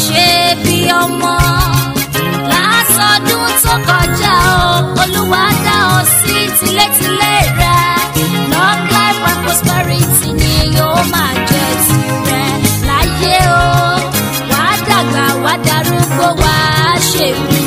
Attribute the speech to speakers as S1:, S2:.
S1: ṣe bí ọmọ lásọdún tó kọjá o olúwa dá ọ sí tilétilé rẹ long life and prosperity ni yóò máa jẹ tirẹ láyé o wàá dàgbà wàá darúgbó wàá ṣèlú.